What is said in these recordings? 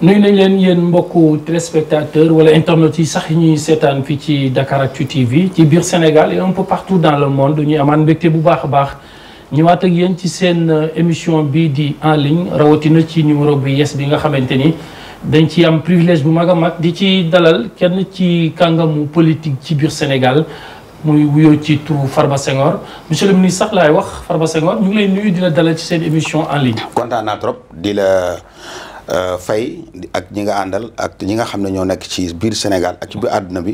nuy nañ leen yéen mbokku téléspectateurs wala internet yi sax ñuy seetaan fii ci Dakaractu bi ci biir Sénégal et un peu partout dans le monde ñuy amaan mbégte bu baax a baax ñëwaat ak yéen ci seen euh, émission bi di en ligne rawatina ci numéro bi yes bi nga xamante ni dañ ci am privilège bu mag a mag di ci dalal kenn ci kàngamu politique ci biir Sénégal muy wuyoo ci turu Farba Senghor monsieur le ministre sax laay wax Farba Senghor ñu ngi lay nuyu di la ci seen émission en ligne. kontaan di la. Euh, fay ak ñi nga àndal ak ñi nga xam ne ñoo nekk ci biir Sénégal ak ci biir àdduna bi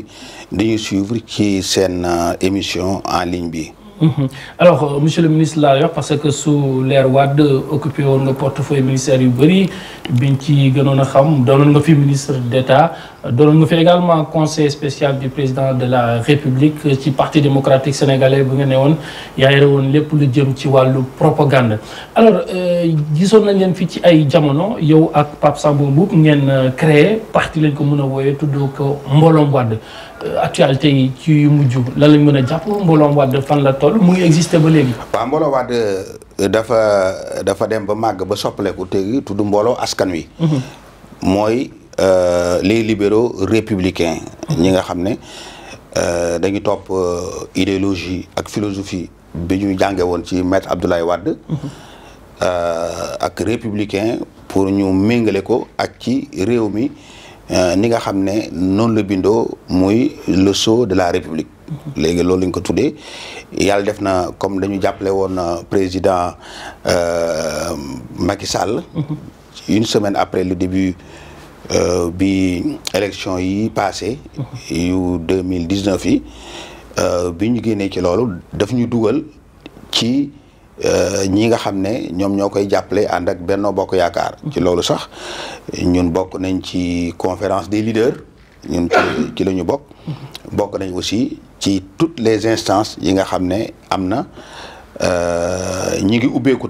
dañuy suivre ci seen euh, émission en ligne bi Mhm. alors euh, monsieur le ministre laa wax parce que su leer Wade occupé woon nga portefeuille ministère yu bëri biñ ci gënoon a xam doonoon nga fi ministre d'État doonoon nga fi également conseil spécial du président de la République ci parti démocratique sénégalais bu nga nee woon yaa yore woon lépp lu jëm ci wàllu propagande alors euh, gisoon nañ leen fi ci ay jamono yow ak Pape Samba Mboup ngeen euh, créé parti lañ ko mën a wooyee tudd ko mbooloom Wade Euh, actualité yi ci yu mujj lan lañ mën a jàpp mbooloom Wade fan la toll mu ngi existé ba léegi. waaw mbooloo Wade euh, dafa dafa dem ba màgg ba soppaleku tegi tudd mbooloo askan wi. Mhm. mooy euh, les libéraux républicains. ñi nga xam ne dañu topp idéologie ak philosophie bi ñu jànge woon ci maître Abdoulaye Wade. Mhm. ak républicain pour ñu méngale ko ak ci réew mi. Euh, ni nga xam ne noonu la bindoo muy le sceau de la république léegi loolu lañ ko tuddee yàlla def na comme dañu jàppale woon euh, président euh, Macky Sall une semaine après le début bi élection yi passé yu mille dix neuf yi bi ñu génnee ci loolu daf ñu dugal ci Euh, ñi nga xam ne ñoom ñoo koy jàppale ànd ak Benno Bokk Yaakaar. ci loolu sax ñun bokk nañ ci conférence des leaders. ñun ci ci la ñu bokk. bokk nañ aussi ci toutes les instances yi nga xam ne am na euh, ñi ngi ubbeeku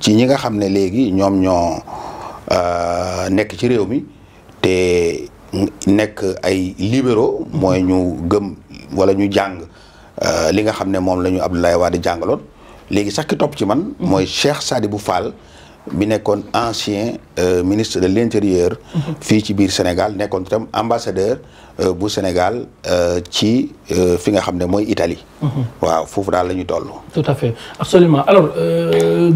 ci ñi nga xam ne léegi ñoom ñoo euh, nekk ci réew mi te nekk ay libéraux. mooy ñu gëm wala ñu jàng li nga xam ne moom la ñu Abdoulaye Wade jàngaloon. léegi sax ki topp ci man. Mhm. mooy Cheikh bu Fall. bi nekkoon ancien euh, ministre de l' intérieur. Mhm. fii ci biir Sénégal nekkoon tam ambassadeur euh, bu Sénégal euh, ci fi nga xam ne mooy Italie. Mhm. waaw foofu daal la ñuy toll. tout à fait absolument alors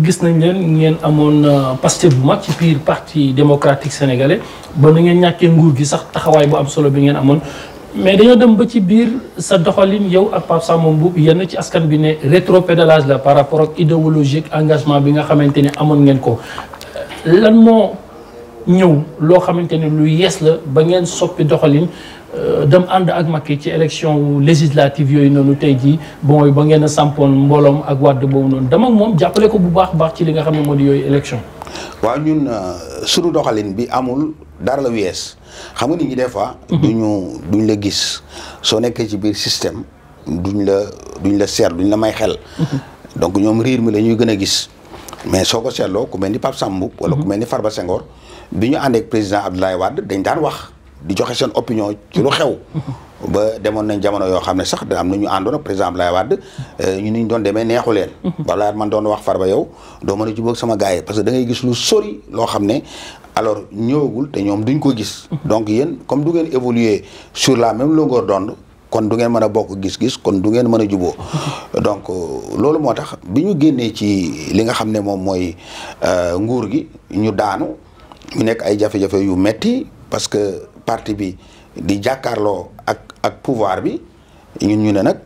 gis nañ leen ngeen amoon Pastef bu ma ci biir parti démocratique sénégalais ba na ngeen ñàkkee nguur gi sax taxawaay bu am solo bi ngeen amoon mais dañoo dem ba ci biir sa doxalin yow ak Pape Samba bu yenn ci askan bi ne rétropédalage la par rapport ak idéologique engagement bi nga xamante ni amoon ngeen ko lan moo ñëw loo xamante ne lu yees la ba ngeen soppi doxalin euh, dem ànd ak Macky ci election wu législative yooyu noonu tey jii bon ba ngeen sampoon mbooloom ak wàdd boobu noonu dama moom jàppale ko bu baax baax ci li nga xam ne moo di yooyu élection. waaw ñun euh, sunu doxalin bi amul. dara la wees xam nga nit ñi des fois. Mhm. duñu duñ la gis soo nekkee ci biir système duñ la duñ la seet duñ la may xel. Mhm. donc ñoom riir mi la ñuy gën a gis mais soo ko seetloo ku mel ni Pape Sambou wala ku mhm. mel ni ba Senghor bi ñu ànd ak président Abdoulaye Wade dañ daan wax di joxe seen opinion ci lu xew. ba demoon nañ jamono yoo xam ne sax da am na ñu àndoon ak président Abdoulaye Wade euh, ñu niñ doon demee neexu leen. balaa man doon wax Farba yow doo mën a jubóog sama ga yi parce que da ngay gis lu loo xam ne alors ñëwagul te ñoom duñ ko gis. donc yéen comme du ngeen évoluer sur la même longueur d'onde kon du ngeen mën a bokk gis-gis kon du ngeen mën a juboo donc euh, loolu moo tax bi ñu génnee ci li nga xam ne moom mooy euh, nguur gi ñu daanu ñu nekk ay jafe-jafe yu metti parce que partie bi di jàkkaarloo ak ak pouvoir bi ñun ñu ne nag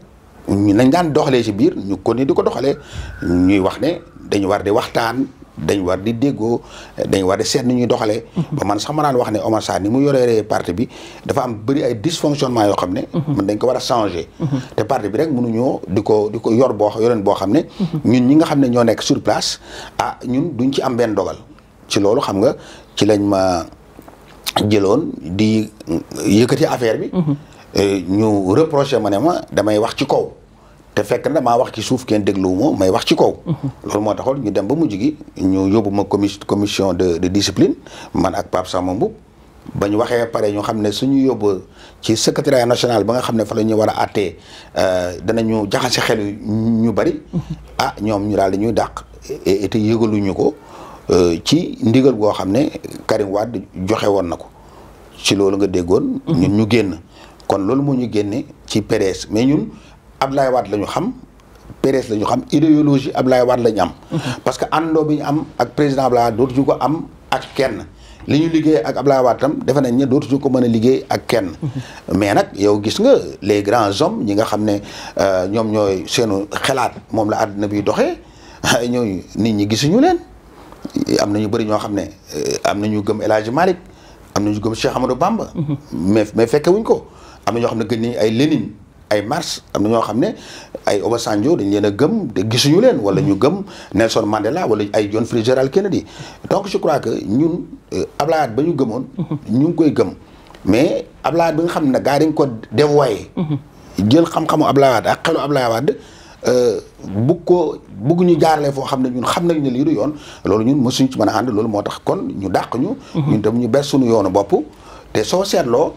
ñu nañ daan doxalee ci biir ñu kon ni di ko doxalee ñuy wax ne dañu war di waxtaan. dañ war di déggoo dañ war di seet ni ñuy doxalee. Mm-hmm. ba man sax ma naan wax ne Omar Sarr ni mu yoree parti bi dafa am bëri ay dysfonctionnement yoo xam ne. Mm-hmm. man dañ ko war a changer. Mm-hmm. te parti bi rek mënuñoo di ko di ko yor boo yoreen boo xam ne. ñun ñi nga xam ne ñoo nekk sur place ah ñun duñ ci am benn dogal ci loolu xam nga ci lañ ma jëloon di yëkkati affaire bi. Eh, ñu reproché ma ne ma damay wax ci kaw. te fekk na maa wax ci suuf kenn dégluwuma may wax ci kaw. Mhm. loolu moo taxoon ñu dem ba mu gi ñu yóbbu ma commis commission de de discipline man ak Pape Samba Mboup ba ñu waxee pare ñu xam ne suñu yóbbu ci secrétariat national ba nga xam ne fa la ñu war a àttee euh, danañu jaxase xel ñu bari. Mhm. ah ñoom ñu daal di dàq. te yëgaluñu ko euh, ci ndigal goo xam ne Karim Wade joxe woon na ko ci loolu nga déggoon. Mhm. ñun ñu génn kon loolu moo ñu génne ci PDS mais ñun. Abdoulaye Wade la ñu xam PDS la ñu xam idéologie Abdoulaye Wade la ñu am. Mm-hmm. parce que àndoo bi ñu am ak président Abdoulaye Wade dootuñu ko am ak kenn. li ñu liggéey ak Abdoulaye Wade tam defe nañ dootu dootuñu ko mën a liggéey ak kenn. Mm-hmm. mais nag yow gis nga les grands hommes ñi nga xam ne euh, ñoom ñooy seenu xalaat moom la àddina bi doxee ñooñu nit ñi gisuñu leen. am na ñu bëri ñoo xam ne euh, am na ñu gëm El Hadj am na ñu gëm Cheikh Amadou Bamba. Mm-hmm. mais fekke wuñ ko am na ñoo xam ne gën nañ ay Lénine. ay marche am na ñoo xam ne ay Obasanjo dañ leen a gëm te gisuñu leen wala ñu gëm Nelson Mandela wala ay John Fitzgerald Kennedy donc je crois que ñun euh, Ablaye ba ñu gëmoon. Mhm. ñu ngi koy gëm mais Ablaye ba nga xam ne gaa dañ ko dévoyé. Mhm. jël xam-xamu Ablaye Wade ak xelu Ablaye Wade euh, bugg ko bugg ñu jaarale foo xam ne ñun xam nañ ne lii du yoon loolu ñun mosuñ ci mën a ànd loolu moo tax kon ñu dàq ñu. Mhm. ñun tam ñu ber suñu yoonu bopp te soo seetloo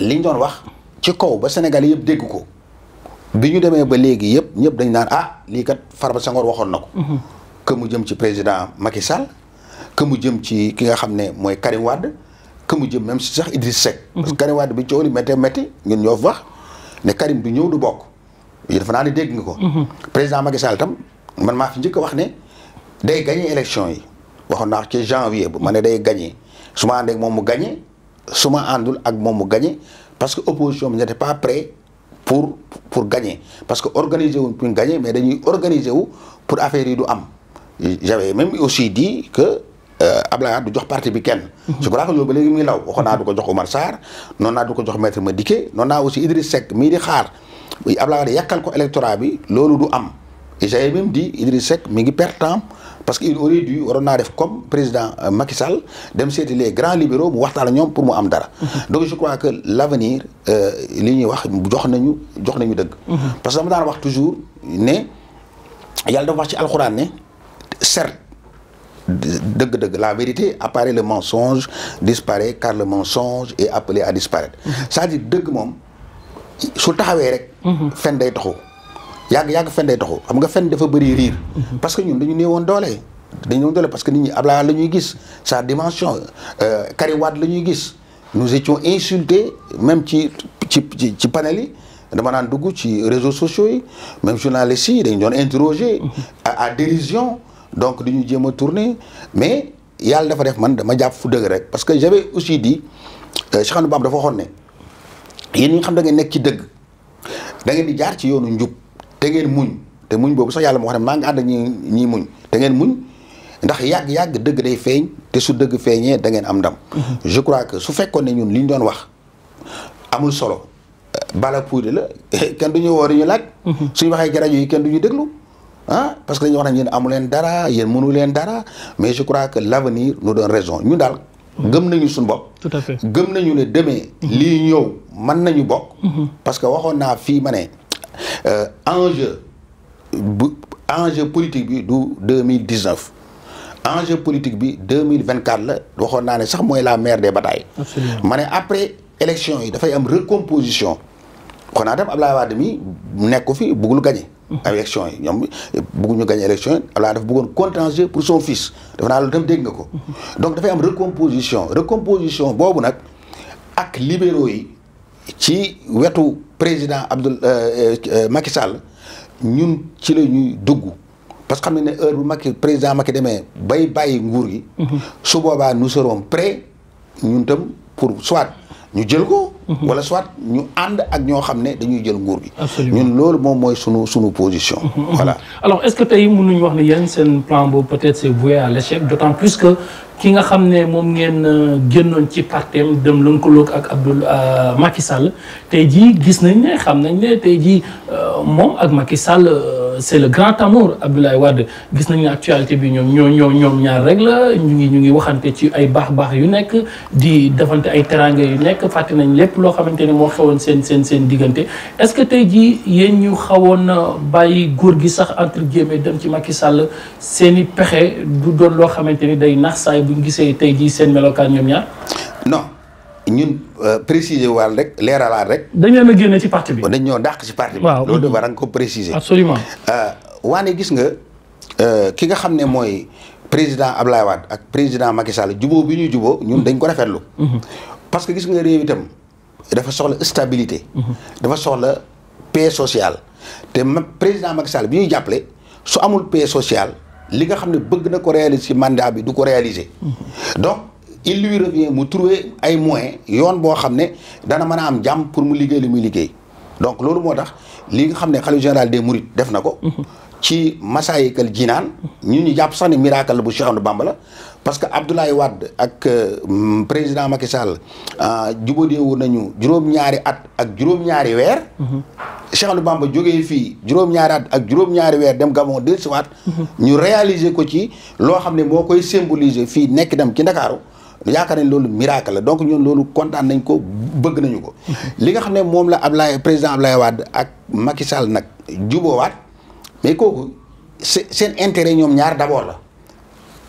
liñ doon wax. ci kaw ba Sénégal yëpp dégg ko bi ñu demee ba léegi yëpp ñëpp dañ naan ah lii kat Farba Senghor waxoon na ko. Mhm. que mu jëm ci président Macky Sall. que mu jëm ci ki nga xam ne mooy Karim Wade. que mu jëm même si sax Idriss Seck. Mhm. parce que Karim Wade bi coow li méttee métti wax ne Karim du ñëw du bokk. yi dafa naa ne dégg nga ko. Mhm. président Macky Sall tam man maa fi njëkk a wax ne day gagné élection yi waxoon naa ci janvier bu ma ne day gagné su ma àndee moom mu gagné su ma àndul ak moom mu gagné parce que opposition bi n'était pas prêt pour pour gagner parce que organiser wu pour gagner mais dañuy organiser wu pour affaire yi du am j'avais même aussi dit que euh, Ablaye du jox parti bi kenn je crois que loolu léegi muy law waxoon naa du ko jox Oumar Sarr noonu naa du ko jox maître Madické noonu naa aussi Idriss Seck mii di xaar Ablaye yàkkal ko électorat bi loolu du am et j'avais même dit Idriss Seck mi ngi per temps parce que il aurait dû waroon naa def comme président euh, Macky dem seeti les grands libéraux mu waxtaan ak ñoom pour mu am dara. Mhm. donc je crois que l' avenir euh, li ñuy wax jox nañu jox nañu dëgg. Mhm. parce que dama daan wax toujours ne yàlla dafa wax ci alxuraan ne certes dëgg-dëgg la vérité apparaît le mensonge disparaît car le mensonge et appelé à disparaître. Mhm. cest à dëgg moom su taxawee rek. fen day taxaw. yàgg yàgg fen day taxu xam nga fen dafa bëri riir parce que ñun dañu néewoon doole dañu néewoon doole parce que ni ñi Ablaye la ñuy gis sa dimension euh, Karim Wade la ñuy gis nous étions insultés même ci ci ci ci panel dama naan dugg ci réseaux sociaux yi même journalistes yi dañu doon interroger à délision donc dañu jéem a tourner mais yàlla dafa def man dama jàpp fu dëgg rek parce que j'avais aussi dit euh, Cheikh Ahmadou Bamba dafa waxoon ne yéen ñi xam da ngeen nekk ci dëgg da ngeen di jaar ci yoonu njub te ngeen muñ te muñ boobu sax yàlla moo xam ne maa ngi ànd ak ñi muñ te ngeen muñ ndax yàgg-yàgg dëgg day feeñ te su dëgg feeñee dangeen am ndam mhm. je crois que su fekkoon ne ñun li ñu doon wax amul solo bala puude la kenn duñu woo ñu laaj mhm. suñu waxee ci rajo yi kenn duñu déglu ah parce que dañuy wax ne yéen amu leen dara yéen mënu leen dara mais je crois que l' avenir nous donne raison ñun daal gëm nañu suñu bopp tout gëm nañu ne demee mhm. lii ñëw mën nañu bokk parce Euh, enjeu bu enjeu politique bi du deux mille dix neuf enjeu politique bi deux mille vingt quatre la waxoon naa ne sax mooy la maire des batailles. ma ne après élection yi dafay am recomposition. xanaa tam Abdoulaye Wade mi nekk ko fi bëggul gagné. élection yi ñoom bëgguñu gagné élection yi Abdoulaye dafa bëggoon contentieux pour son fils dafa naa loolu tam dégg nga ko. donc dafay am recomposition recomposition boobu nag ak libéraux yi. ci wetu président Abdoul euh, euh, euh, Macky Sall ñun ci la ñuy dugg parce que xam ne ne heure bu Macky président Macky demee bay bàyyi nguur gi. Mhm. su boobaa nous serons prêts ñun tam pour soit ñu jël ko. Mhm. wala soit ñu ànd ak ñoo xam ne dañuy jël nguur gi. ñun loolu moom mooy sunu sunu position. Mhm, voilà alors est-ce que tey mënuñu wax ne yéen seen plan boobu peut-être c'est voué à l'échec d'autant plus que. ki nga xam ne moom ngeen euh, génnoon ci partem dem lënkaloog ak Abdoul euh, Macky Sall tey jii gis nañ ne xam nañ ne tey jii euh, moom ak Macky Sall. c'est le grand amour Abdoulaye Wade gis nañ ne actualité bi ñoom ñoo ñoom ñoom ñaar rek la ñu ngi ñu ngi waxante ci ay baax baax yu nekk di defante ay teraanga yu nekk fàtte nañ lépp loo xamante ni moo xewoon seen seen seen diggante est-ce que tey jii yéen ñu xawoon na bàyyi góor gi sax entre guillemets dem ci Macky Sall seen i pexe du doon loo xamante ni day nax saay bu ñu gisee tey jii seen melokaan ñoom ñaar. ñun euh, préciser waal rek leeralaat rek. dañ leen a génne ci parti bi. dañ ñoo dàq ci parti bi. waaw loolu nga ko préciser. Euh, waane gis nga euh, ki nga xam ne mooy président Ablaye Wade ak président Macky Sall jubóo bi ñu jubóo ñun mhm. dañ ko rafetlu. Mhm. parce que gis nga réew itam dafa soxla stabilité. Mhm. dafa soxla paix sociale te président Macky Sall bi ñuy jàppale su amul paix sociale li nga xam ne bëgg na ko réaliser ci mandat bi du ko réaliser il lui revient mu trouver ay moyens yoon boo xam ne dana mën a am jàmm pour mu liggéey li muy liggéey donc loolu moo tax li nga xam ne xalifa général de Mourides def na ko. ci Masaalikal Jinaan. ñu ñu jàpp sax ne miracle bu Cheikh Ahmadou Bamba la parce que Abdoulaye Wade ak euh, président Macky Sall euh, jubadeewu nañu juróom-ñaari at ak juróom-ñaari weer. Cheikh Ahmadou Bamba jógee fii juróom-ñaari at ak juróom-ñaari weer dem Gabon dellusiwaat. ñu réaliser ko ci loo xam ne moo koy symboliser fii nekk dem ci Ndakaaru. yaakaar nañ loolu miracle la donc ñun loolu kontaan nañ ko bëgg nañu ko. li nga xam ne moom la Ablaye président Ablaye Wade ak Macky Sall nag juboowaat mais kooku seen intérêt ñoom ñaar d'abord la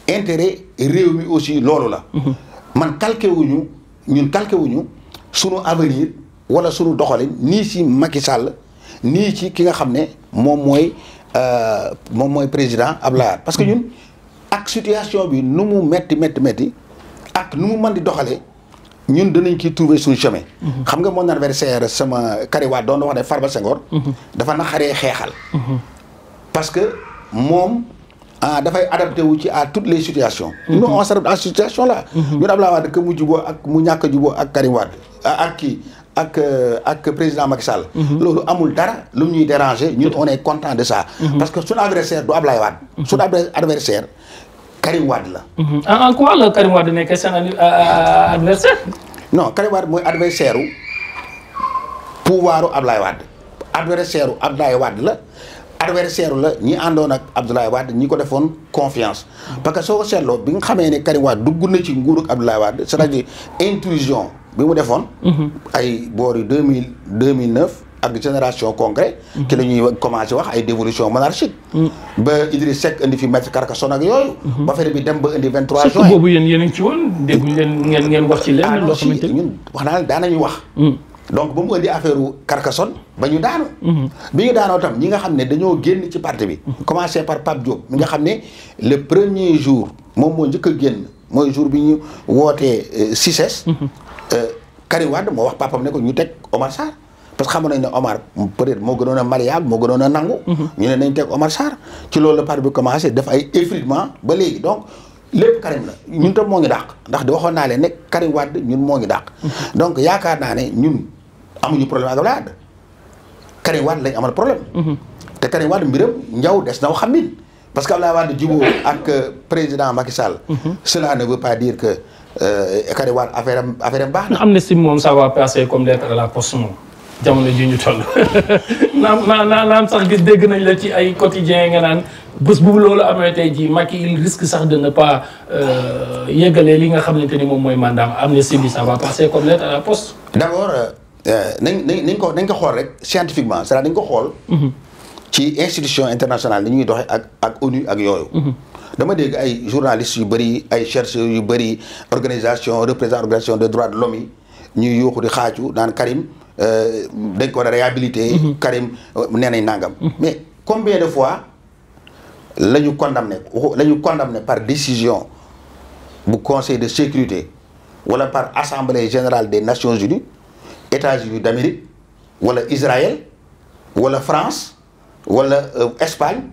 intérêt réew mi aussi loolu la. Mm-hmm. man calqué wuñu ñun calqué wuñu sunu avenir wala sunu doxalin nii si Macky Sall nii ci ki nga xam ne moom mooy euh, moom mooy président Ablaye Wade parce que ñun mm-hmm. ak situation bi nu mu metti metti metti. ak nu mu mën di doxalee ñun danañ ki trouver suñu chemin. Mhm. xam nga mon adversaire sama kariwaat doon na wax ne Farba Senghor. Mhm. dafa naxaree xeexal. Mhm. parce que moom ah dafay adapté wu ci à toutes les situations. nous on s'adapte à situation là. ñun Abdoulaye Wade a juboo ak Karim Wade ah, ak kii euh, amul dara lu ñuy déranger ñun on est content de ça. parce que suñu adversaire du Abdoulaye Wade. suñu adversaire. Karim Wade la. Mhm. en quoi la Karim Wade nekkee seen euh, euh, adversaire. non Karim Wade mooy adversaire u pouvoiru Abdoulaye adversaire la adversaire ñi àndoon ak Abdoulaye Wade ñi ko defoon confiance parce que soo ko seetloo bi nga xamee ne Karim Wade dugg na ci nguurug Abdoulaye Wade c'est-à-dire intrusion bi mu defoon. Mhm. ay boor yu ak génération congrès ki la ñuy commencé wax ay dévolution monarchique mm. ba Idriss Seck indi fi maître Carcassonne ak yooyu mm-hmm. ba fere bi dem ba indi 23 juin boobu yéen yéen a ngi ci woon dégguñ leen ngeen ngeen wax ci leen ah loo xamante wax naa ne daanañu wax mm. donc ba mu indi affaire u Carcassonne ba ñu daanu mm-hmm. bi ñu daanoo tam ñi nga xam ne dañoo génn ci parti bi mm-hmm. commencé par Pape Diop mi nga xam ne le moom moo njëkk a génn mooy jour bi ñu wootee euh, CICES euh, Karim Wade moo wax papam ne ñu teg Omar Sarr parce que xamoon nañ ne Omar peut-être moo gënoon a mariable moo gënoon a nangu. ñu ne nañ teg Omar Sarr ci loolu la parti bi def ay effritement ba léegi donc lépp Karim la ñun tam moo ngi dàq ndax di waxoon naa leen ne Karim Wade ñun moo ngi dàq. donc yaakaar naa ne ñun amuñu problème ak Abdoulaye Wade Karim Wade lañ amal problème. te Karim Wade mbiram njaw des na ko xam parce que Abdoulaye Wade jubóo ak euh, président Macky Sall. cela ne que euh, Karim Wade affaire am affaire am baax na. am na si moom ça va passer comme lettre à la poste moom. jamono ji ñu toll naam naam naam sax gis dégg nañ la ci ay quotidien nga naan bés bu loolu amee tey jii Macky il risque sax de ne pas euh, yeggalee li nga xamante ni moom mooy mandaam amnistie bi ça va passer comme lettre à la poste. d' abord euh, nañ nañ ko nañ ko xool rek scientifiquement c'est-à-dire dañ ko xool. Mhm. ci institution internationale ni ñuy doxee ak ONU ak yooyu. Mhm. dama dégg ay journalistes yu bëri ay chercheurs yu bëri organisation représentation organisation de droits de l'homme yi ñuy yuuxu di xaaju naan Karim. Euh, dañ ko réhabilité. Mm-hmm. Karim euh, nee nañ nangam. Mm-hmm. mais combien de fois la ñu condamné la ñu par décision bu conseil de sécurité wala par assemblée générale des nations unies États-Unis d'Amérique wala Israël wala France wala euh, Espagne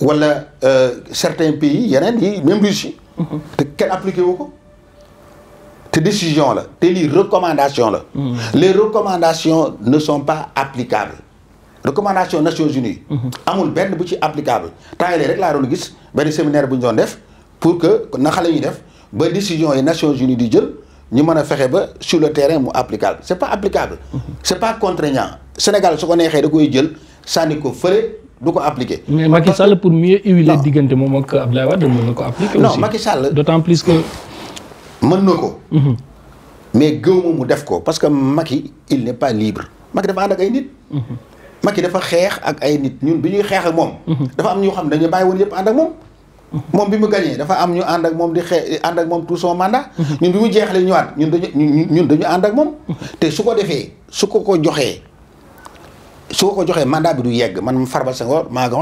wala certains pays yeneen yi même Russie. Mm-hmm. te kenn appliqué wu ko. te décision la te lii recommandation la. Mm-hmm. les recommandations ne sont pas applicables. recommandation Nations Unies. Mm-hmm. amul benn bu ci applicable. temps yii rek laa doon gis benn séminaire bu ñu doon def pour que naka la ñu def ba décision yi Nations Unies di jël ñu mën a fexe ba sur le terrain mu applicable c' est pas applicable. Mm-hmm. c' est pas contraignant Sénégal su ko neexee da koy jël sànni ko fële. du ko appliqué. mais Macky Sall pour mieux huiler diggante moom ak Abdoulaye Wade mën na ko. Mhm. mais gëw mu def ko parce que Macky il n'est pas libre Macky dafa ànd ak ay nit. Mhm. Macky dafa xeex ak ay nit ñun bi ñuy xeex ak moom. Mhm. dafa am ñoo xam dañu bàyyi woon yëpp ànd ak moom. moom bi mu gagné dafa am ñu ànd ak moom di xee ànd ak moom tout son mandat. ñun bi mu jeexalee ñëwaat ñun dañu ñun dañu ànd ak moom. te su ko defee su ko ko joxee soo ko joxee mandat bi du yegg man Farba Senghor maa ngi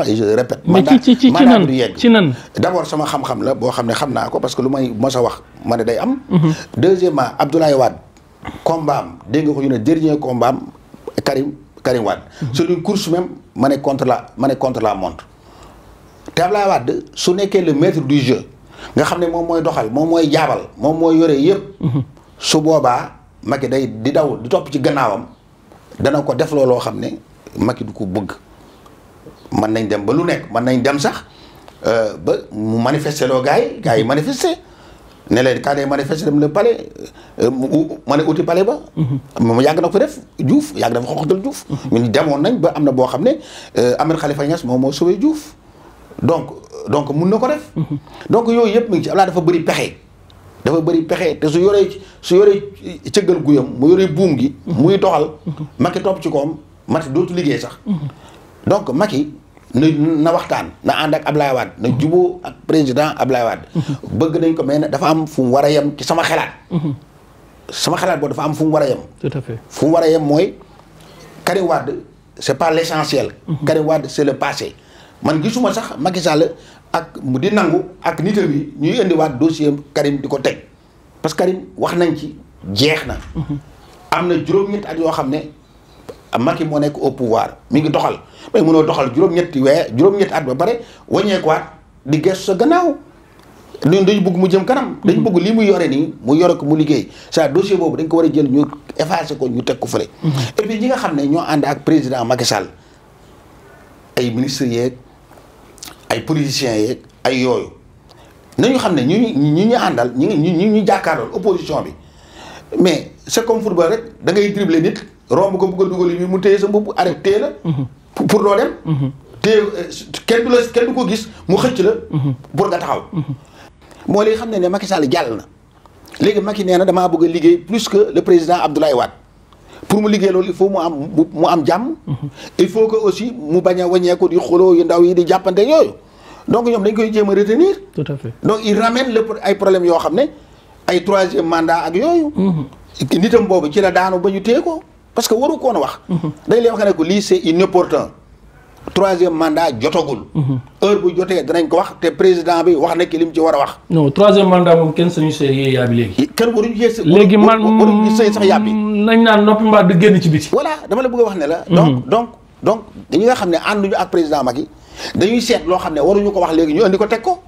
ma et je ci mandat mandat bi du yegg ci nan d' sama xam-xam la boo xam ne xam naa ko parce que lu may mos wax ma ne day am. Mhm. deuxièmement Abdoulaye Wade combat am dégg nga ko ñu ne dernier combat am Karim Karim Wade. Mhm. c' est ma ne contre la ma ne la montre te Abdoulaye Wade su nekkee le maître du jeu nga xam ne moom mooy doxal moom mooy jaabal moom mooy yore yëpp. Mhm. su boobaa Macky day di daw di topp ci gannaawam dana ko def looloo xam ne. Macky du ko bëgg mën nañ dem ba lu nekk mën nañ dem sax euh, ba mu manifester loo gars yi gars yi manifester ne leen kaa day manifester dem la palais euh, ma ne uti pale ba. moom yàgg na ko def Diouf yàgg na fa xoxatal Diouf. Mhm. ñun nañ ba am na boo xam ne euh, Ahmed Khalifa moom moo sauvé Diouf donc donc mun na ko def. Mhm. donc yooyu yëpp mu ngi ci Abdoulaye dafa bëri pexe. dafa bëri pexe te su yoree su yoree cëggal guyam mu yoree buum gi. Mhm. muy doxal. Macky topp ci koom. Macky dootu liggéey sax. donc Macky na na waxtaan na ànd ak Ablaye Wade na juboo ak président Ablaye Wade. bëgg nañ ko mais dafa am fu mu war a yem ci sama xalaat. sama xalaat boobu dafa am fu mu war a yem. tout à fait fu mu war a yem mooy Karim Wade c' est pas l' essentiel. Karim Wade c' le passé. man gisuma sax Macky Sall ak mu di nangu ak nit yi ñuy indiwaat dossier Karim di ko teg parce que Karim wax nañ ci jeex na. Mhm. am na juróom-ñetti ak yoo xam ne. am Macky moo nekk o pouvoir mi ngi doxal mais mënoo doxal juróom-ñetti weer juróom-ñetti at ba pare wàññeekuwaat di gestu sa gannaaw ñun dañu bëgg mu jëm kanam. dañu bugg li mu yore nii mu yore ko mu liggéey sa dossier boobu dañ ko war a jël ñu effacé ko ñu teg ko fële. Mm-hmm. et ñi nga xam ne ñoo ànd ak président Macky Sall ay ministre yeeg ay politiciens yeeg ay yooyu nañu xam ne ñu ñu ñu àndal ñu ñu ñu jàkkaarlool opposition bi mais c'est comme football rek da ngay dribbler nit. romb ko bëgg a dugal yi mu téye sa mbubb arrêté la. Mhm. pour doo dem. Mhm. téye euh, kenn du la kenn du ko gis mu xëcc la. Mhm. pour nga taxaw. moo léegi xam ne ne Macky Sall jàll na léegi Macky nee na damaa bëgg liggéey plus que le président Abdoulaye Wade pour mu liggéey loolu il faut mu am mu am jàmm. il faut que aussi mu bañ a wàññeeku di xuloo yi ndaw yi di jàppante yooyu donc ñoom dañ koy jéem a retenir. tout à fait donc il ramène le ay problème yoo xam ne ay troisième mandat ak yooyu. nitam boobu ci la daanu ba ñu téye ko. parce que waru koon wax. dañ lay wax ne ko lii c'est inopportun. troisième mandat jotagul. heure bu jotee danañ ko wax te président bi wax na ki ci war a wax. non troisième mandat moom kenn sañu see yàbbi léegi. kenn waruñu see léegi sax yàbbi. nañ naan noppi mbaa du génn ci biti. voilà dama la bëgg a wax ne la. donc mhm. donc donc ñi nga xam ne ànduñu ak président Macky dañuy seet loo xam ne waruñu ko wax léegi ñu andi ko teg ko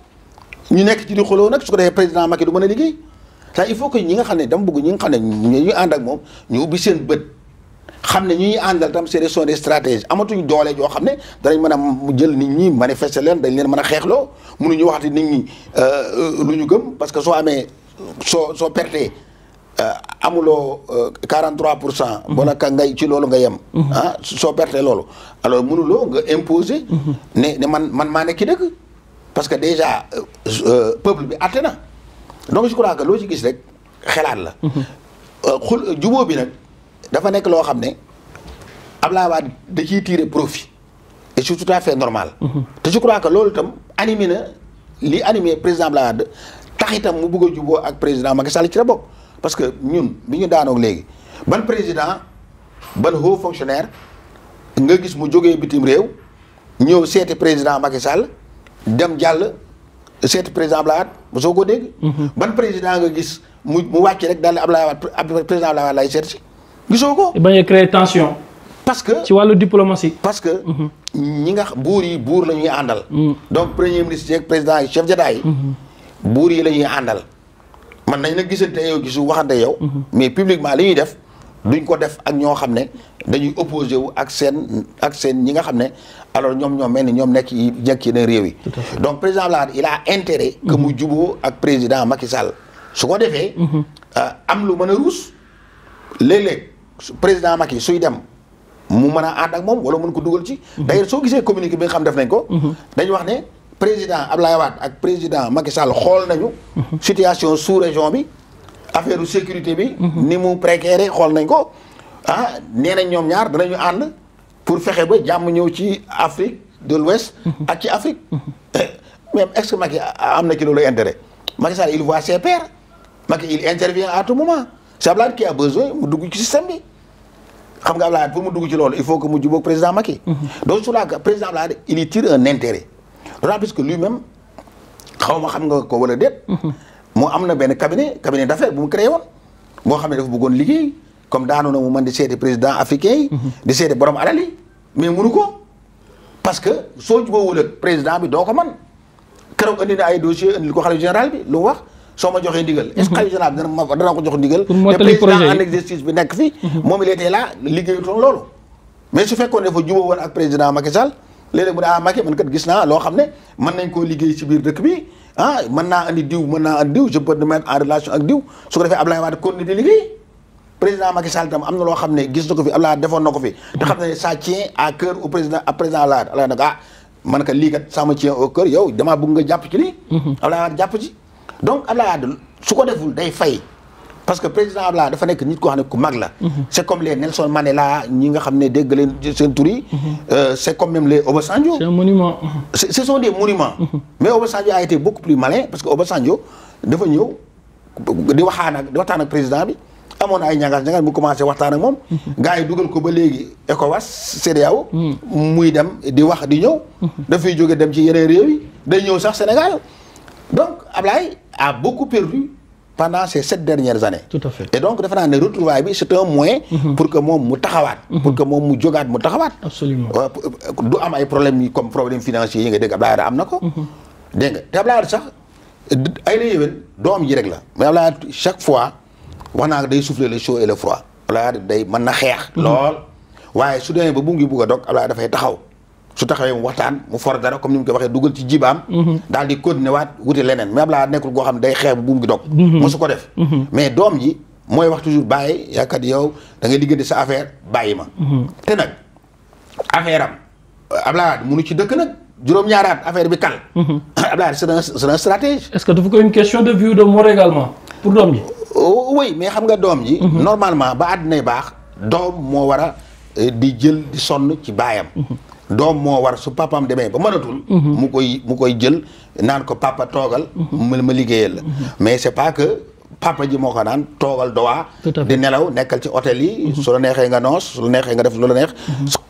ñu nekk ci di xuloo nag su ko defee président Macky du mën a liggéey te il faut que ñi nga xam ne dama bëgg ñi nga ñu ubbi seen bët. xam ne ñu ñuy àndal tam ce sont des stratégies amatuñ doole joo xam ne danañ mën a jël nit ñi manifester leen dañ leen mën a loo mënuñu waxati nit ñi euh, euh, lu ñu gëm parce que soo amee soo soo pertee euh, amuloo 43 pour cent. a mhm. naka ngay ci loolu ngay yem. Mhm. ah soo pertee loolu alors mënuloo nga imposer. Mhm. ne man man maa nekk ci dëgg. parce que déjà peuple bi àtte na donc je crois que loo ci gis rek xelaat la. xul bi nag. dafa nekk loo xam ne Abdoulaye Wade da ciy tiire profit et c'est tout à fait normal. Mm-hmm. te je crois que loolu tam animé na li animé président Abdoulaye taxitam tax itam mu bëgg a juboo ak président Macky Sall ci la bokk parce que ñun bi ñu daanoog léegi ban président ban haut fonctionnaire nga gis mu jógee bitim réew ñëw seeti président Macky Sall dem jàll seeti président Abdoulaye Wade soo ko dégg. Mm-hmm. ban président nga gis mu mu wàcc rek daal di Abdoulaye Wade président Abdoulaye Wade lay seet si. gisoo ko. bañ a créer tension. ci wàllu diplomatie. parce que. Mm-hmm. ñi nga buur yi buur la ñuy àndal. Mm. donc premier ministre yeeg président yi chef d'état yi. Mm-hmm. buur yi la ñuy àndal. man nañ la gisante yow gisu waxante yow. Mm-hmm. mais publiquement li ñuy def duñ ko def ak ñoo xam ne dañuy opposé wu ak seen ak seen ñi nga xam ne alors ñoom ñoom mel ni ñoom nekk yi nekk yeneen réew yi. donc président Wade il a intérêt. que mu juboo ak président Macky Sall. su ko defee. Euh, am lu mën a ruus léeg-léeg. président Macky suy dem mu mën a ànd ak moom wala mën ko dugal ci. Mhm. d'ailleurs soo gisee communiqué bi nga xam def nañ ko. Mhm. dañu wax ne président Ablaye waat ak président Macky Sall xool nañu. Mhm. situation sous région bi. affaire sécurité bi. ni mu précaire xool nañ ko ah nee nañ ñoom ñaar danañu ànd pour fexe ba jàmm ñëw ci Afrique de l'Ouest ak ci Afrique. mais eh, est-ce que am na ci loolu intérêt Macky Sall il voit ses pairs Macky il intervient à tout moment c'est Ablaye qui dugg ci système bi. xam nga Ablaye pour mu dugg ci loolu il faut que mu jubóog président Macky. Mhm. donc su la président Ablaye il y tire un intérêt d'autant xaw ma xam nga ko wala déet. Mhm. mu am na benn cabinet cabinet d'affaires bu mu créé woon boo xam ne dafa bëggoon liggéey comme daanu na mu mën di seeti président africain yi. Mhm. di seeti borom alal yi mais mënu ko parce que soo jubóowul ak président bi doo ko man keroog indi na ay dossier indi ko xale général bi lu mu wax. soo ma joxee ndigal est-ce que xalifa mhm. général bi dana dana ko jox ndigal te président en exercice bi nekk fi mhm. moom il était là liggéeyutoon loolu mais su fekkoon dafa jubóo woon ah, man kat naa loo xam ne mën nañ koo liggéey ci biir dëkk bi ah mën naa andi diw mën naa andi diw je peux te mettre en relation ak diw su ko defee Ablaye Wade kon ni liggéey président Macky Sall am na loo xam ne gis na ko fi Ablaye defoon na ko fi te xam ne ça tient a cœur au président à président Ablaye Wade Ablaye nag ah, man kat lii kat ça me tient au cœur yow damaa bëgg nga jàpp ci lii mhm. donc Abdoulaye Wade su ko deful day fay parce que président Abdoulaye dafa nekk nit ko xam ne ku mag la. Mhm. c' est comme les Nelson Mandela ñi nga xam ne dégg leen seen tur yi. Mhm. Euh, c' est comme même les Obasanjo. c' est un monument. Mhm. mais Obasanjo a été beaucoup plus malin parce que Obasanjo dafa ñëw di waxaan ak di waxtaan ak président bi. amoon ay ñangas ñangas mu commencé waxtaan moom. gars yi dugal ko ba léegi ECOWAS CEDEAO. muy dem di wax di ñëw. dafay jóge dem ci yeneen réew day ñëw sax Sénégal. donc Ablaye a beaucoup perdu pendant ces sept dernières années. tout à fait et donc defe ne retrouvaille bi c'est un moyen. Mhm. pour que moom mu taxawaat. Mhm. pour que moom mu jógaat mu taxawaat. absolument euh, euh, am ay problème yi comme problème financier yi nga dégg Ablaye am na ko. Mhm. dégg nga te Ablaye sax ay la yéwén doom ji rek la mais Ablaye chaque fois wax naa day souffler le chaud et le froid. Ablaye day mën na xeex. lool waaye su demee ba bu ngi bugg a dog dafay taxaw. su taxawee mu waxtaan mu for dara comme ni mu ko waxee dugal ci jibaam mhm. daal di continuer waat wuti leneen mais Abdoulaye nekkul koo xam ne day xeex bu mu gi dog mhm. mosu ko def mhm. mais doom ji mooy wax toujours bàyyi yaakaar yow da ngay sa affaire bàyyi ma te nag affaire am Abdoulaye munu ci dëkk nag juróom-ñaaraat affaire bi kal Abdoulaye c'est un c'est un stratège que dafa de vue de mort également doom ji oh, oui mais xam nga doom ji normalement ba àddinay baax doom moo war a euh, di jël di sonn ci baayam doom moo war su papam demee ba mënatul. Mhm. mu koy mu koy jël naan ko papa toogal. Mhm. ma ma la. Mhm. mais c'est pas que papa ji moo ko naan toogal dowaa di nelaw nekkal ci hôtel yi. su la neexee nga noos su neexee nga def lu la neex.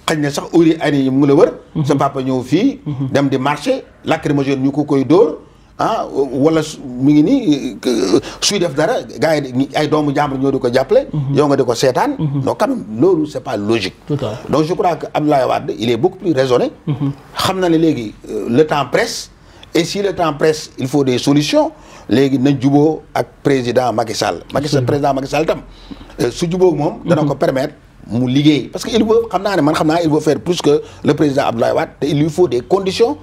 xañ na sax uri ani mu la wër. sa papa ñëw fii. dem di marché lacrymogène ñu ko koy dóor. ah wala mu ngi nii suy def dara gars yi ay doomu jàmbur ñoo di ko jàppale. Mhm. yow de di ko seetaan. donc mhm. quand même loolu c' est pas logique. donc je crois que Abdoulaye Wade il est beaucoup plus raisonné. Mhm. xam na ne léegi euh, le temps presse. et si le temps presse il faut des solutions léegi na jubo ak président Macky Sall. Macky Sall président Macky Sall tam euh, su juboo moom. dana ko permettre. mu liggéey parce que il veut xam naa ne man xam naa il veut faire plus que le président Abdoulaye Wade te il faut des conditions.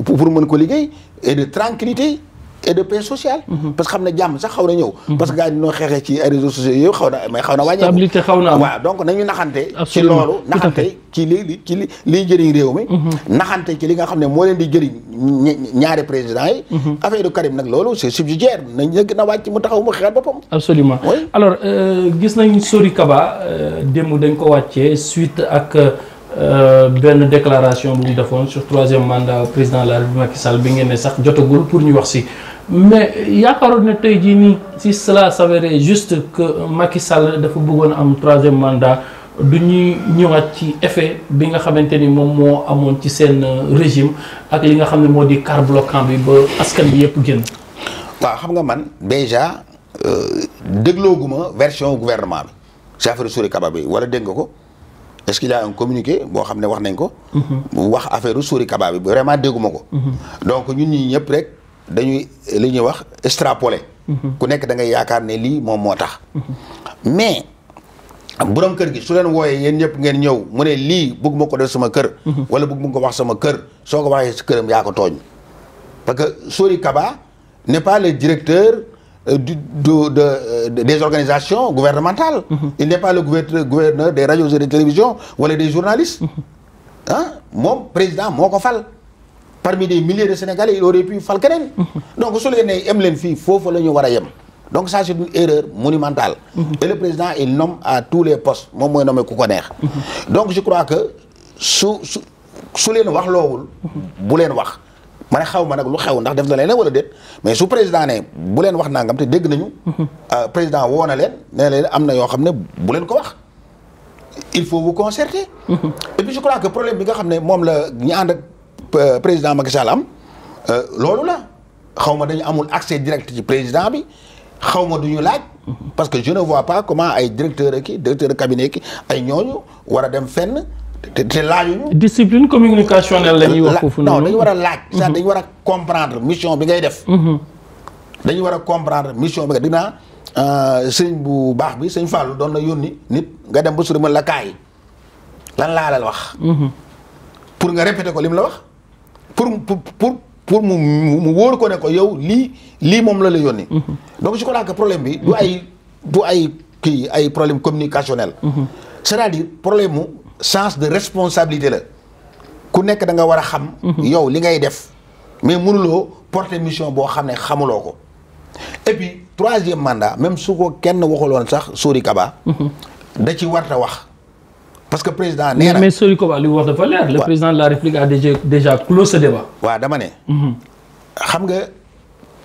pour mën ko liggéey et de tranquillité et de paix sociale. Mhm. parce que xam ne jàmm sax xaw na ñëw. Mhm. parce que gars yi ñoo xeexee ci réseaux sociaux yëpp xaw na mais xaw na wàññeeku. stabilité donc nañu naxante. ci loolu mhm. naxante ci li nga xam ne moo leen di jëriñ ñaari président yi. affaire de Karim nag loolu c' est subsidiaire nañ la gën a wàcc mu taxaw mu xeexal boppam. absolument alors euh, gis nañu Sori euh, dañ ko wàccee suite ak. Euh, benn déclaration bu ñu defoon sur troisième mandat président de la République Macky Sall bi ngeen ne sax jotagul pour ñu wax si mais yaakaaroon ne tey jii nii si cela s'avérait juste que Macky Sall dafa bëggoon am troisième mandat du ñuy ñëwaat ci effet bi nga xamante ni moom moo amoon ci seen régime ak li nga xam ne moo di car bloquant bi ba askan bi yëpp génn. waaw xam nga man déjà euh, déglooguma version gouvernement bi Jafar Souri Kaba bi wala dégg nga ko. est-ce qu'il y a communiqué boo xam ne wax nañ ko. Mm-hmm. wax affaire soori Kaba bi vraiment dégguma ko. Mm-hmm. donc ñu ñi ñëpp rek dañuy li ñuy wax extrapoler. Mm-hmm. ku nekk dangay ngay yaakaar ne lii moom moo tax. mais borom kër gi su leen wooyee yéen ñëpp ngeen ñëw mu ne lii bëgg ma ko def sama kër. wala bëgg ma ko wax sama kër soo ko waxee si këram yaa ko tooñ. parce que Sory Kaba n'est pas le directeur. Euh, du de, de, euh, des organisations gouvernementales. Mm -hmm. il n'est pas le gouverneur des radios et des télévisions wala des journalistes. ah moom président moo ko fal. parmi des milliers de Sénégalais il aurait pu fal keneen. Mm-hmm. donc su leen ne yem leen fii foofu la ñu war a yem. donc ça c'est une erreur monumentale. Mm-hmm. et le président il nomme à tous les postes moom mooy nommé ku ko neex. donc je crois que su su su leen wax loowul. bu leen wax. ma ne xaw ma nag lu xew ndax def na leen wala déet mais su président ne bu leen wax nangam te dégg nañu. Euh, président woo na leen nee leen am na yoo xam ne bu leen ko wax. il faut vous concerter. et je crois que problème bi nga xam ne moom la ñu ànd ak euh, président Macky Sall euh, loolu la xaw ma dañu amul accès direct ci président bi xaw ma duñu laaj. parce que je ne vois pas comment ay directeur ki directeur de cabinet ki ay ñooñu war a dem fenn. te te laajuñu. discipline communicationnelle la ñuy wax foofu noonu. non dañu war a laaj. Mhm. c' dañu war a comprendre mission bi ngay def. Mhm. dañu war a comprendre mission bi nga dinaa euh, sëñ bu baax bi sëñ Fallou doon na yónni nit nga dem ba sori mën la kaay lan laa la wax. Mhm. pour nga répéter ko lim la wax pour pour pour mu mu wóor ko ne ko yow lii lii moom la la yónni. donc je crois que problème bi. du ay du ay kii ay problème communicationnel. c' est à dire problème mu. sens de responsabilité la ku nekk da nga war a xam. Mhm. yow li ngay def mais mënuloo porter mission boo xam ne xamuloo ko et puis troisième mandat même su ko kenn waxuloon sax Sori Kaba. Mhm. da ci warta wax. parce que président nee na mais Sori Kaba li wax dafa leer. le président de la République a déjà déjà clos ce débat. waaw dama ne. Mhm. xam nga.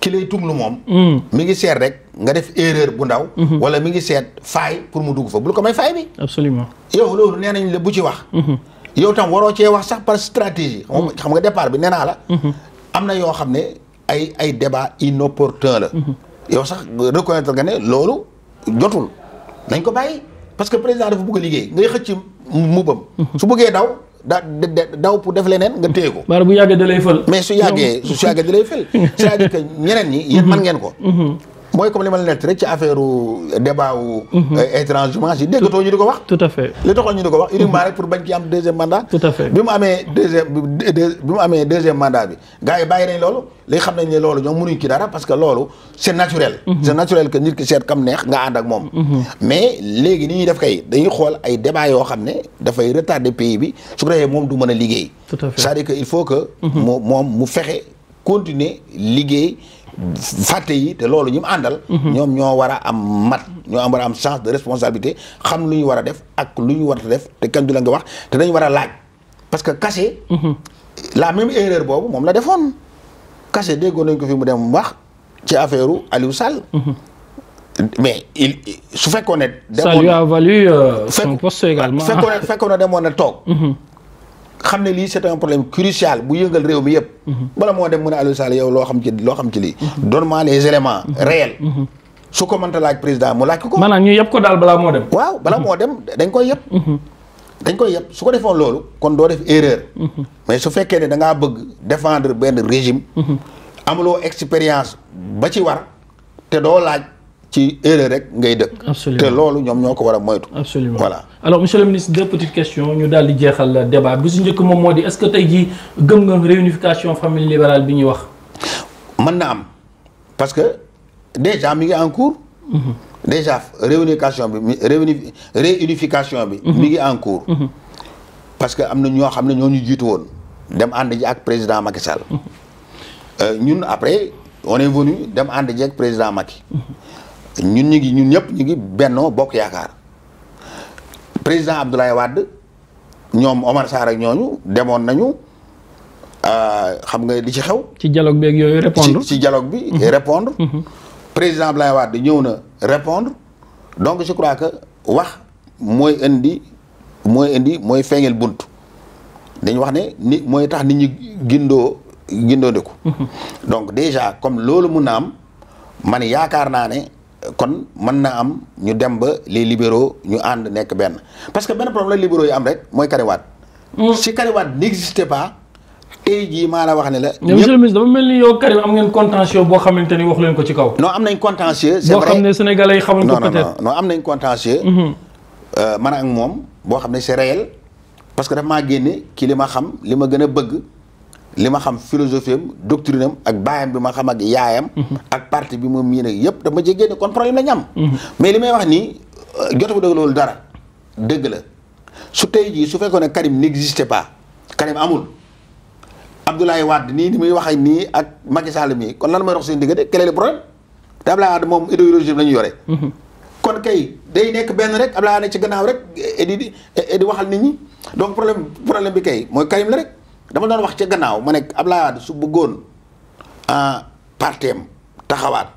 ki lay tunglu moom. Hmm. mi ngi seet rek nga def erreur bu ndaw. Hmm. wala mi ngi seet faay pour mu dugg fa bul ko may faay bi. absolument yow loolu nee nañ la bu ci wax. Hmm. yow tam waroo cee wax sax par stratégie. xam nga départ bi nee naa la. am na yoo xam ne ay ay débat inopportun la. yow sax reconnaître nga ne loolu jotul nañ ko bàyyi parce que président dafa bëgg a liggéey ngay xëcc mubam su bëggee daw. da daw pour def leneen nga téye ko. maanaam bu yàggee da lay fël. mais su yàggee su yàggee da lay fël. cest à ñeneen ñi. yéen mën ngeen ko. Mhm. mooy comme li ma rek ci affaire débat wu. Mhm. Euh, étrangement si déggatoo ñu di ko wax. li taxoon ñu ko wax mhm. bi mu amee deuxième mandat bi gars yi bàyyi nañ loolu léegi xam nañ ne loolu ñoom mënuñ ci parce que loolu c' naturel. Mhm. c' naturel que nit ki seet kam neex nga ànd ak moom. mais léegi ni ñuy def kay dañuy xool ay débat xam ne dafay retarder pays bi su ko defee moom du mën a liggéey. tout à fait il faut que. moom mu fexe. continuer liggéey fàtte yi te loolu ñu àndal. Mhm. ñoom ñoo war a am mat ñoo am war a am chance de responsabilité xam lu ñu war a def ak lu ñu war a def te kan du la wax te dañu war a laaj parce que Kassé. Mhm. la même erreur boobu moom la defoon kase déggoon nañ ko fi mu dem wax ci affaire Aliou Sall. Mhm. mais il su fekkoon ne. demoon ça lui a valu euh, son poste également fekkoon ne toog. xam ne lii c'est un problème crucial bu yëngal réew mi yëpp. bala moo dem mu ne Aliou Sall yow loo xam ci loo lii. donne les éléments mhm. réels. Mhm. su ko mënta laaj président mu laaj ko. maanaam ñu yëpp ko daal balaa moo dem. waaw balaa moo dem dañ koy yëpp. Mhm. dañ koy yëpp su ko defoon loolu kon doo def erreur. mais su fekkee ne da ngaa bëgg défendre benn régime. amuloo expérience ba ci war te doo laaj. ci erreur rek ngay dëkk. absolument te loolu ñoom ñoo ko war a moytu. absolument voilà alors monsieur le ministre deux petites questions ñu daal di jeexal débat bi su njëkk moom moo di est-ce que tey jii gëm nga réunification famille libérale bi ñuy wax. mën na am parce que déjà mi ngi en cours. Mhm. déjà réunification bi mi bi. Mhm. mi ngi en cours. Mhm. parce que am na ñoo xam ne ñoo ñu jiitu woon dem ànd ji ak président Macky Sall. Euh, ñun après on venu dem ànd ji ak président Macky. ñun ñu ngi ñun ñëpp ñu ngi bennoo bokk yaakaar président Abdoulaye Wade ñoom Omar Sarr ak ñooñu demoon nañu euh, xam nga di ci xew. ci dialogue bi yooyu répondre ci dialogue bi. Mhm. répondre mhm. président Abdoulaye Wade ñëw na répondre donc je crois que wax mooy indi mooy indi mooy feeñal bunt dañu wax ne ni mooy tax nit ñi gindoo gindoo ko mhm. donc déjà comme loolu mun na man yaakaar naa ne. kon mën naa am ñu dem ba les libéraux ñu ànd nekk benn parce que benn problème la libéraux yi am rek mooy Karim Wade. Mm. si Karim Wade n'existait pas tey jii maa la wax ne la. ñëpp monsieur le ministre dafa mel ni yow Karim am ngeen contentieux boo xamante xam ne sénégalais xamuñ ko peut parce que daf maa génne ki li ma xam li ma gën a bëgg. li ma xam philosophie am doctrine am ak baayam bi ma xam ak yaayam. Mhm. ak parti bi moom mii nag yëpp dama ci génne kon problème la ñu am. Mhm. mais li may wax nii jotagu la su tey jii su fekkoon ne Karim n'existait pas Karim amul. Abdoulaye Wade nii ni muy waxee nii ak Macky Sall mii kon lan mooy wax seen diggante quel est le problème te Abdoulaye Wade moom idéologie la ñu yore. Mhm. kon kay day nekk benn rek Abdoulaye Wade ci gannaaw rek eh, eh, di di eh, di waxal nit ñi donc problème problème bi kay mooy Karim la rek. dama doon wax ce gannaaw ma ne Abdoulaye Wade su bëggoon ah, partem taxawaat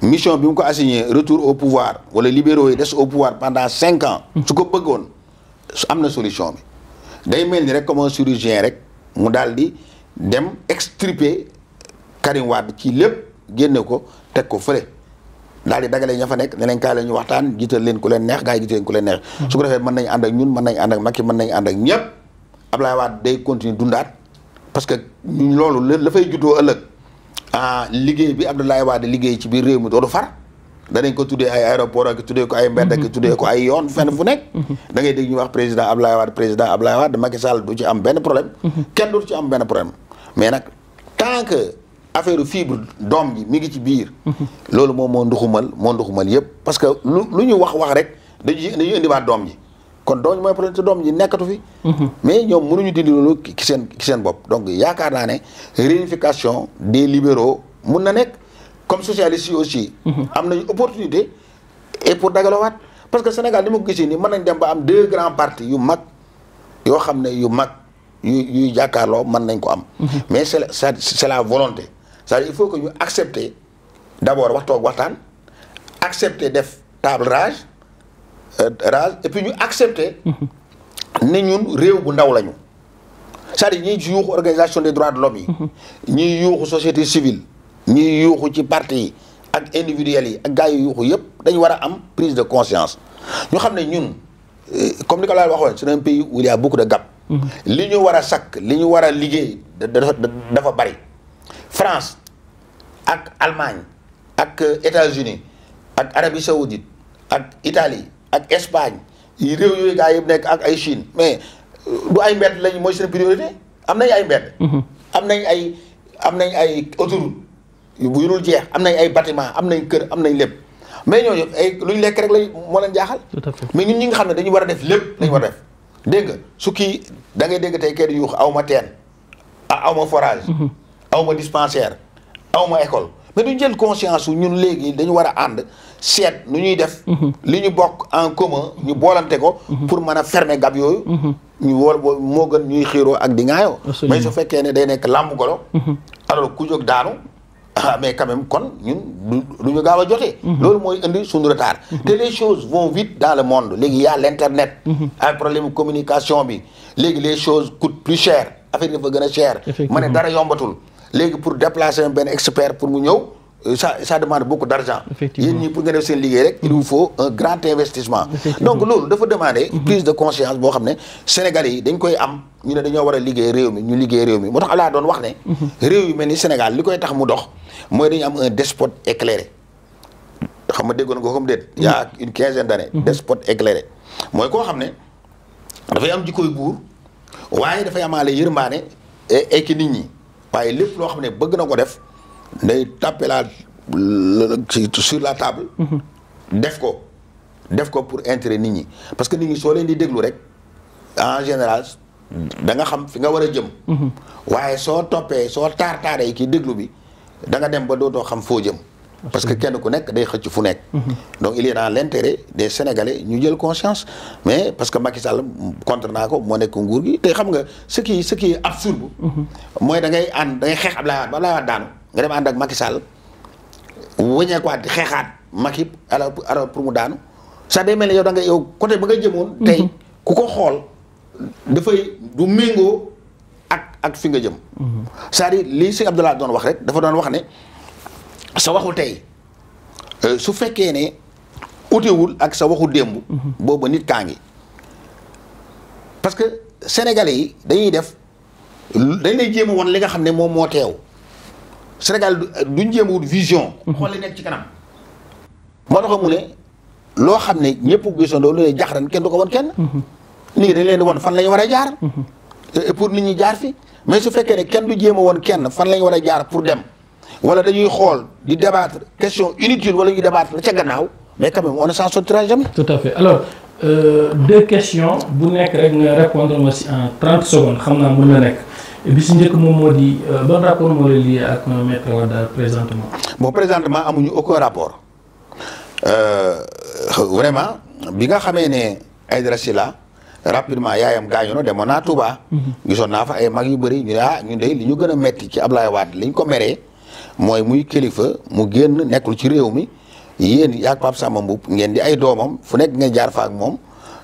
mission bi mu ko assigné retour au pouvoir wala libéraux yi des au pouvoir pendant cinq ans. Hmm. su ko bëggoon am na solution bi. day mel ni rek comme un chirurgien rek mu daal di dem extirper Karim Wade ci lépp génne ko teg ko fële daal di dagale ña fa nekk ne leen kaay la ñu waxtaan jiital leen ku leen neex gaa yi ku leen neex. Hmm. su ko defee mën nañ ànd ak ñun mën nañ ànd ak Macky mën nañ ànd ak ñëpp. Ablaye Wade day continuer dundaat parce que loolu la fay juddoo ëllëg ah liggéey bi Abdoulaye Wade liggéey ci biir réew mi doodu far danañ ko tuddee ay aéroport ak tuddee ko ay mbedd ak tuddee ko ay yoon fen fu nekk. Mhm. da ngay dégg ñu wax président Ablaye Wade président Ablaye Wade Macky Sall du ci am benn problème. Mhm. kenn du ci am benn problème mais nag tant que affaire fibre doom ji mi ngi ci biir. Mhm. loolu moom moo nduxumal moo nduxumal yëpp parce que lu lu ñu wax wax rek dañuy dañuy indiwaat doom ji. kon doom ji mooy problème te doom ji nekkatu fi. Mhm. mais ñoom mënuñu dindi loolu ki seen ki seen bopp donc yaakaar naa ne réunification des libéraux mun na nekk comme socialistes yi aussi. Mhm. am nañu opportunité et pour dagalawaat parce que Sénégal ni ma ko gisee nii mën nañ dem ba am deux grands partis yu mag yoo xam ne yu mag yu yuy jàkkaarloo mën nañ ko am. Mhm. mais c'est la c'est la volonté c'est-à-dire il faut que ñu accepter d'abord wax toog waxtaan accepter def table rase. Euh, rage ñu accepter ne ñun réew bu ndaw lañu c'est-à-dire yuuxu organisation des droits de l'homme yi ñiy yuuxu société civile ñiy yuuxu ci parti yi ak individuels yi ak gars yi yuuxu yëpp dañu war a am prise de conscience ñu xam ne ñun euh, comme ni ko laa waxoon c'est un pays où il y a de gap li ñu war a sakk li ñu war a liggéey dafa bari France ak Allemagne ak euh, États-Unis ak Arabie Saoudite ak Italie ak Espagne réew yooyu gaa yëpp nekk ak ay Chine mais euh, du ay mbedd lañ mooy seen priorité am nañ ay mbedd. Mhm. am nañ ay am nañ ay autoroute bu yorul jeex am nañ ay batiment am nañ kër am nañ lépp mais ñooñu ay lu ñu lekk rek lañu moo leen jaaxal. mais ñun ñi nga xam ne dañu war a def lépp lañ war def. dégg nga su kii da ngay dégg tey kër yu aw ma teen ah aw ma forage. Mhm. aw ma dispensaire aw ma école mais duñ jël conscience su ñun léegi dañu war a ànd. seet nu ñuy def. Mhm. li ñu bokk en commun ñu boolante ko. Mhm. pour mën a fermer gab yooyu. Mhm. ñu moo gën ñuy xiiroo ak di ŋaayoo. mais su fekkee ne day nekk làmb golo. alors ku jóg daanu. ah mais quand même kon ñun du ñu gaaw a jotee. loolu mooy indi suñu retard. te les choses vont vite dans le monde léegi y a l'internet. ay problème communication bi léegi les choses coûtent plus cher affaire dafa gën a cher. ma ne dara yombatul léegi pour déplacer benn expert pour mu ñëw. Euh, ça ça demande beaucoup d'argent yéen ñi pour nga def seen liggéey rek il vous faut un grand investissement donc loolu dafa demande mhm. prise de conscience boo xam ne Sénégalais yi dañ koy am ñu ne dañoo war a liggéey réew mi ñu liggéey réew mi moo tax alaa doon wax ne mhm. réew yu mel ni Sénégal li koy tax mu dox mooy dañu am despot despote éclairé xam nga déggoon nga comme déet y a mhm. une quinzaine d'années despote éclairé mooy koo xam ne dafay am jikkoy buur waaye dafay amaale yërmaane et e-, nit ñi waaye lépp loo xam ne bëgg na ko def day tapé la sur la table. Mhm. def ko def ko pour intérêt nit ñi parce que nit ñi soo leen di déglu rek en général danga xam fi nga war a jëm. Mhm. waaye soo toppee soo taar-taaree ki déglu bi da nga dem ba dootoo xam foo jëm. parce que kenn ku nekk day xëcc fu nekk. Mhm. donc il est dans l' intérêt des ñu jël conscience mais parce que Macky Sall contre naa ko moo nekk nguur gi te xam nga ce qui ce qui est absurde. mooy da ngay ànd da ngay xeex Abdoulaye Wade ba Abdoulaye Wade daanu. nga dem ànd ak Macky Sall wëñeekuwaat xeexaat Macky alors alors pour mu daanu sax day mel ne yow da nga yow côté ba nga jëmoon. Mhm. tey ku ko xool dafay du méngoo ak ak fi nga jëm. Mhm. c'est-à-dire lii si Abdoulaye doon wax rek dafa doon wax ne sa waxu tey euh, su fekkee ne utewul ak sa waxu démb. Mhm. boobu nit kaa ngi parce que sénégalais yi dañuy def dañ lay jéem a woon li nga xam ne moom moo teew. Sénégal duñ jéem a wut vision. xool li nekk ci kanam. moo tax mu ne loo xam ne ñëpp bu gisoon loolu lay jaxran kenn du ko wan kenn. Mm-hmm. nit ñi dañ leen di wan fan la ñu war a jaar. Mm-hmm. pour nit ñi jaar fi mais su fekkee ne kenn du jéem a kenn fan la ñu war a jaar pour dem. wala dañuy xool di débattre question inutile wala ñuy débattre la ca gannaaw mais quand même sa ne s'en sortira jamais. alors euh, deux questions bu nekk rek nga répondre ma si en 30 secondes xam naa mën na nekk. bi si njëkk moom moo di euh, euh, présentement. amuñu aucun rapport euh, bi nga xamee ne Aïdara Sylla rapidement yaayam gaañu na demoon naa Touba. Mhm. gisoon naa fa ay mag yu bëri ñu ne ah ñu li ñu gën a metti ci Ablaye Wade liñ ko meree mooy muy kilifa mu génn nekkul ci réew mi yéen yaag Pape Samba Mboup ngeen di ay doomam fu nekk ngeen jaar fa ak moom.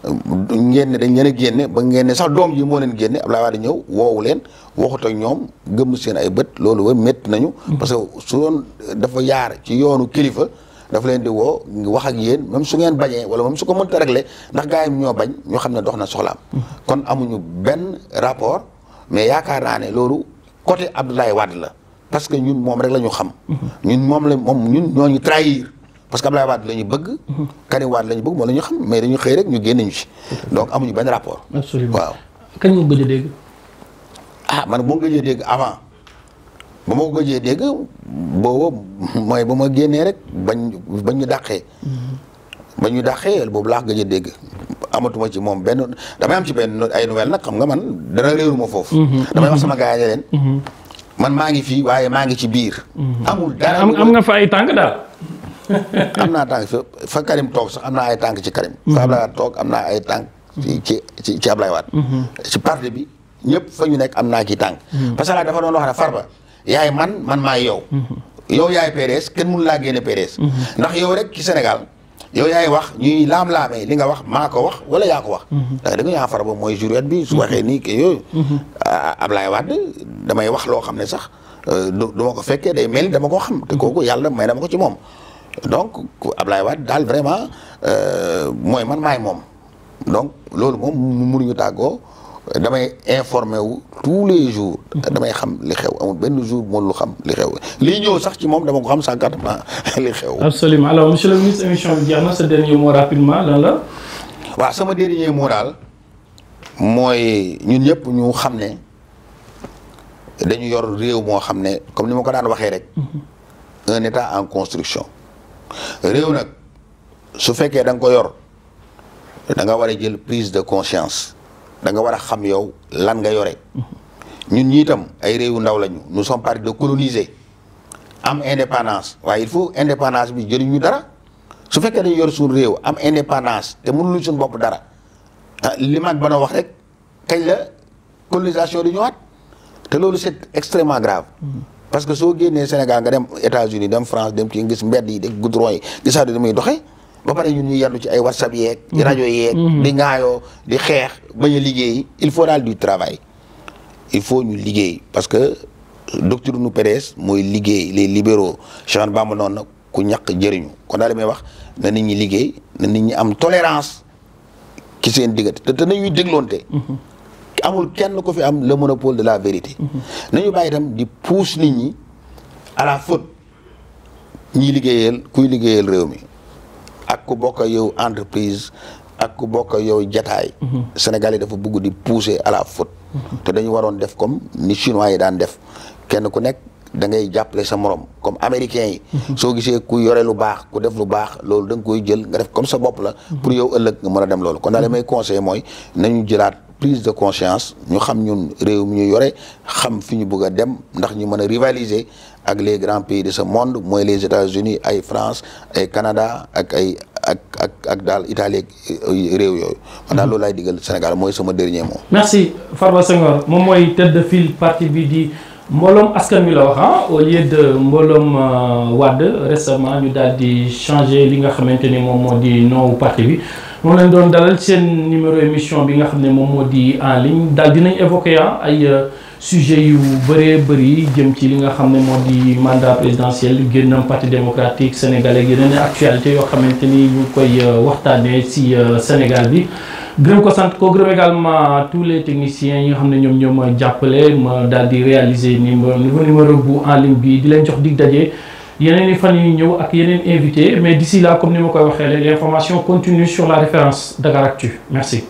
ngeen ne dañ leen a génne ba ngeen ne sax doom yi moo leen génne Abdoulaye Wade ñëw woowu leen waxut ak ñoom gëmm seen ay bët loolu ba métti nañu. Mm-hmm. parce que su doon dafa yaar ci yoonu kilifa. daf leen di woo wax ak yéen moom su ngeen bañee wala même su ko mënta le ndax gaa yi ñoo bañ ñoo xam ne dox na soxlaam. Mm-hmm. kon amuñu benn rapport mais yaakaar naa ne loolu côté Abdoulaye Wade la parce que ñun moom rek la ñu xam. Mm-hmm. ñun moom la trahir. parce que Abdoulaye Wade la ñu bëgg. Karim Wade la ñu bëgg moom la ñu xam mais dañu xëy rek ñu génn ñu ci. donc amuñu benn rapport. a dégg. ah man boo gëjee dégg avant ba ma ko gëjee dégg boobu mooy ba ma génnee rek bañ bañ ñu dàqee. Mm-hmm. ba ñu dàqee boobu laax gëj a dégg. amatuma ci moom benn damay am ci benn ay nouvelle nag xam nga man dara réeruma foofu. Mm-hmm. damay wax mm-hmm. sama gars yi man maa ngi fi waaye maa ngi ci biir. amul dara am nga fa tànk daal. am naa tànk fa Karim toog sax am naa ay tànk ci Karim. fa Ablaye Wade toog am naa ay tànk ci ci ci Ablaye Wade. Mhm. ci parti bi ñëpp fa ñu nekk am naa ci tànk. Mhm. parce que la dafa doon wax ne Farba yaay man man maay yow. Mhm. yow yaay PDS kenn mënu laa génne PDS. ndax yow rek ci Sénégal. yow yaay wax ñuy laam-laamee li nga wax maa ko wax wala yaa wax da da nga yaa fara ba mooy juret bi su waxee nii ke yooyu Ablaye Wade damay wax loo xam ne sax euh, du ko fekkee donc Ablaye Wade daal vraiment euh, mooy man maay moom donc loolu moom ñu tàggoo damay informé wu tous les jours damay xam li xew amul benn jour moo lu xam li xew lii ñëw sax ci moom dama ko xam sànqatma li xew absolument alors monsieur le ministre émission bi na rapidement lan la waa sama dernier mot daal mooy ñun ñëpp ñu xam ne dañu yor réew moo xam ne comme ni ma ko daan waxee rek mhm. un état en construction réew nag su fekkee da nga ko yor da nga war a jël prise de conscience danga nga war a xam yow lan nga yore ñun ñiitam ay réewu ndaw lañu nous sommes partis de coloniser am indépendance waaye il faut indépendance bi ñu dara su fekkee dañu yor suñu réew am indépendance te mënuluñ suñu bopp dara ah, li mag ba na wax rek kañ la colonisation di ñëwaat te loolu c'est extrêmement grave parce que soo génnee Sénégal nga dem États-Unis dem France dem ci gis mbedd yi de goudron yi gisaa di muy doxee ba pare ñu yàllu ci ay whatsapp yeeg di rajo mhm. di ŋaayoo di xeex bañ a liggéey il faut daal du travail il faut ñu liggéey parce que docteur nu PDS mooy liggéey les libéro Cheikh Bamba noonu ku ñàkk jëriñu kon daal li wax na nit ñi liggéey na nit ñi am tolérance ci seen diggante te te nañuy dégloonte mhm. amul kenn ko fi am le monopole de la vérité mhm. nañu bàyyi itam di pousse nit ñi à la faute ñiy kuy liggéeyal réew mi ak ku bokk yow entreprise ak ku bokk yow jataay mhm. Sénégal yi dafa bugg di pousser à la mhm. te dañu waroon def comme ni chinois yi daan def kenn ku nekk da ngay jàppale sa morom comme américain yi soo gisee ku yore lu baax ku def lu baax loolu da koy jël nga def comme sa bopp la pour yow ëllëg nga mën a dem loolu kon daal li may mooy nañu jëlaat prise de conscience ñu xam ñun réew mi ñu yore xam fi ñu bëgg a dem ndax ñu mën a rivaliser ak les grands pays de ce monde mooy les États-Unis ay France ay Canada ak ay ak ak ak daal Italie réew yooyu. man daal loolu laay digal Sénégal mooy sama dernier mot. merci Farba Senghor moom mooy tête de file parti bi di mbooloom askan wi la wax a ah, au lieu de mbooloom euh, Wade récemment ñu daal di changer li nga xamante ni moom moo di noowu parti bi. moom lañ doon dalal seen numéro émission bi nga xam ne moom moo di en ligne daal dinañ évoquer ah ay euh, sujet yu bëree bëri jëm ci li nga xam ne moo di mandat présidentiel génnam parti démocratique sénégalais yeneen actualité yoo xamante ni ñu koy euh, waxtaanee si euh, Sénégal bi gërëm ko sant ko gërëm également tous les techniciens yi nga xam ne ñoom ñoom ma jàppale ma daal di réaliser numéro numéro bu en ligne bi di leen jox di daje. yeneen i fan yi ñëw ak yeneen invité mais d'ici là comme ni ma koy waxee l'information continue sur la référence Dakaractu merci